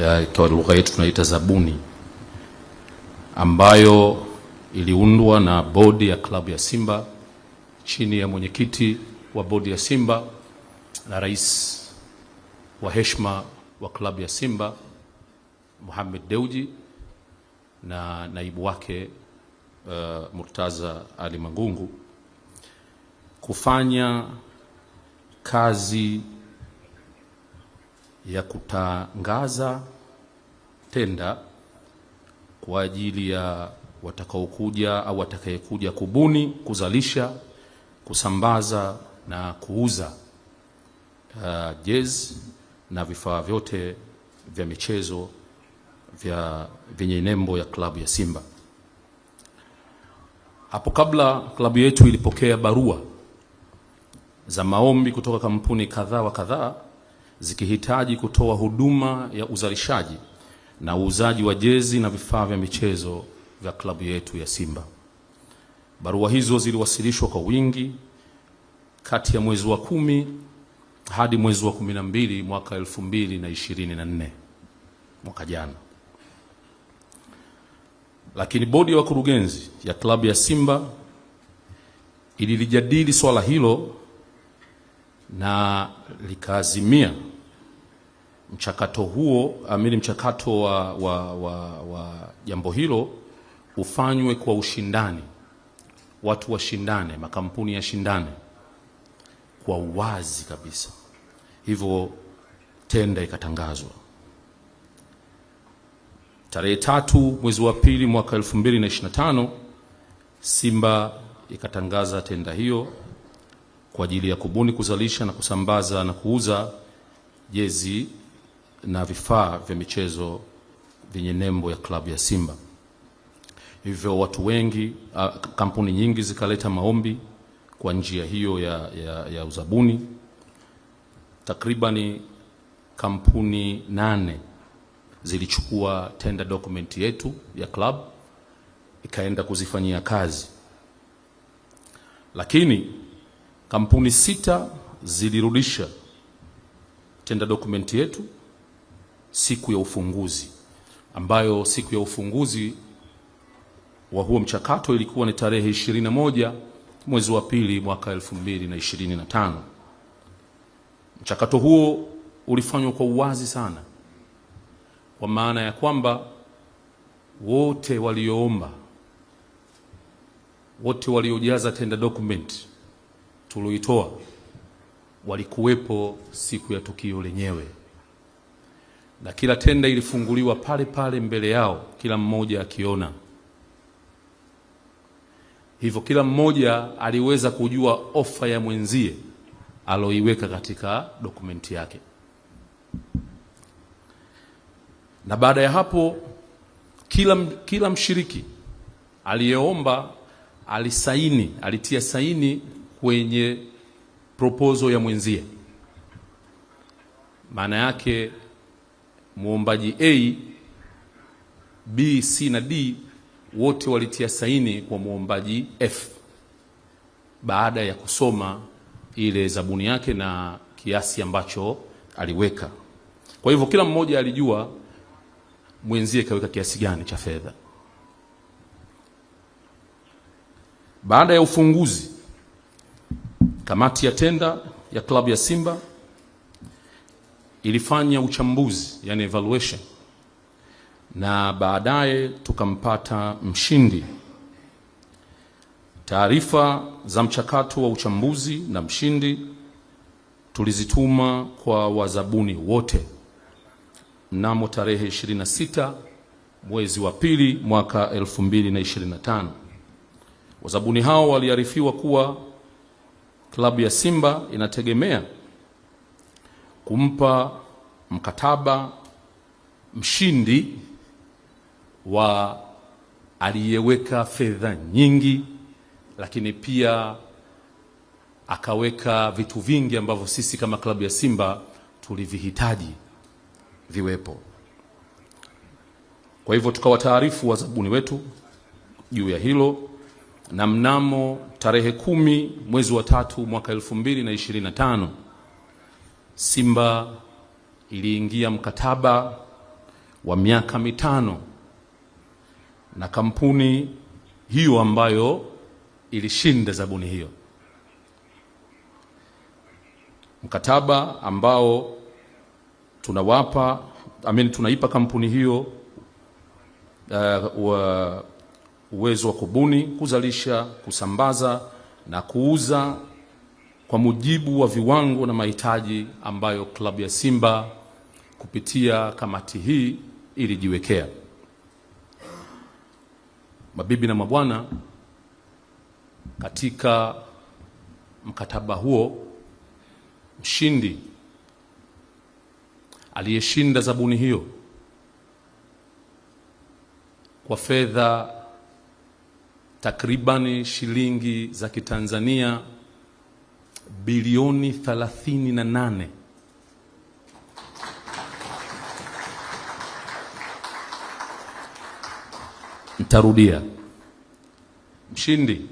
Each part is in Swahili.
ya kwa lugha yetu tunaita zabuni ambayo iliundwa na bodi ya klabu ya Simba chini ya mwenyekiti wa bodi ya Simba na rais wa heshima wa klabu ya Simba Mohamed Deuji na naibu wake uh, Murtaza Ali Mangungu kufanya kazi ya kutangaza tenda kwa ajili ya watakaokuja au watakayekuja kubuni, kuzalisha, kusambaza na kuuza uh, jez na vifaa vyote vya michezo vya vyenye nembo ya klabu ya Simba. Hapo kabla klabu yetu ilipokea barua za maombi kutoka kampuni kadhaa wa kadhaa zikihitaji kutoa huduma ya uzalishaji na uuzaji wa jezi na vifaa vya michezo vya klabu yetu ya Simba. Barua hizo ziliwasilishwa kwa wingi kati ya mwezi wa kumi hadi mwezi wa kumi na mbili mwaka elfu mbili na ishirini na nne mwaka jana, lakini bodi ya wakurugenzi ya klabu ya Simba ililijadili swala hilo na likaazimia mchakato huo amini, mchakato wa, wa, wa, wa jambo hilo ufanywe kwa ushindani, watu washindane, makampuni yashindane kwa uwazi kabisa. Hivyo tenda ikatangazwa tarehe tatu mwezi wa pili mwaka 2025 Simba ikatangaza tenda hiyo kwa ajili ya kubuni, kuzalisha na kusambaza na kuuza jezi na vifaa vya michezo vyenye nembo ya klabu ya Simba. Hivyo watu wengi, kampuni nyingi zikaleta maombi kwa njia hiyo ya, ya, ya uzabuni. Takribani kampuni nane zilichukua tender document yetu ya club ikaenda kuzifanyia kazi, lakini Kampuni sita zilirudisha tenda dokumenti yetu siku ya ufunguzi, ambayo siku ya ufunguzi wa huo mchakato ilikuwa ni tarehe 21 mwezi wa pili mwaka 2025. Mchakato huo ulifanywa kwa uwazi sana, kwa maana ya kwamba wote walioomba, wote waliojaza tender document tuloitoa walikuwepo siku ya tukio lenyewe, na kila tenda ilifunguliwa pale pale mbele yao, kila mmoja akiona. Hivyo kila mmoja aliweza kujua ofa ya mwenzie aloiweka katika dokumenti yake. Na baada ya hapo, kila, kila mshiriki aliyeomba alisaini, alitia saini kwenye proposal ya mwenzie. Maana yake muombaji A, B, C na D wote walitia saini kwa muombaji F baada ya kusoma ile zabuni yake na kiasi ambacho aliweka. Kwa hivyo kila mmoja alijua mwenzie kaweka kiasi gani cha fedha. Baada ya ufunguzi Kamati ya tenda ya klabu ya Simba ilifanya uchambuzi, yani evaluation, na baadaye tukampata mshindi. Taarifa za mchakato wa uchambuzi na mshindi tulizituma kwa wazabuni wote mnamo tarehe 26 mwezi wa pili mwaka 2025. Wazabuni hao waliarifiwa kuwa klabu ya Simba inategemea kumpa mkataba mshindi wa aliyeweka fedha nyingi, lakini pia akaweka vitu vingi ambavyo sisi kama klabu ya Simba tulivihitaji viwepo. Kwa hivyo tukawataarifu wazabuni wetu juu ya hilo na mnamo tarehe kumi mwezi wa tatu mwaka elfu mbili na ishirini na tano Simba iliingia mkataba wa miaka mitano na kampuni hiyo ambayo ilishinda zabuni hiyo, mkataba ambao tunawapa amini, tunaipa kampuni hiyo uh, wa uwezo wa kubuni, kuzalisha, kusambaza na kuuza kwa mujibu wa viwango na mahitaji ambayo klabu ya Simba kupitia kamati hii ilijiwekea. Mabibi na mabwana, katika mkataba huo mshindi aliyeshinda zabuni hiyo kwa fedha takribani shilingi za Kitanzania bilioni 38 Ntarudia, mshindi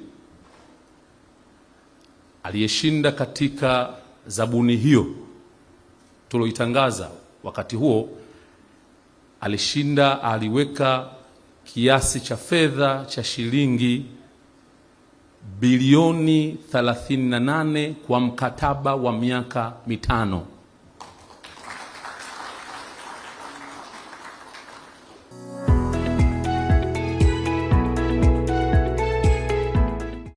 aliyeshinda katika zabuni hiyo tuloitangaza wakati huo alishinda, aliweka kiasi cha fedha cha shilingi bilioni 38 kwa mkataba wa miaka mitano.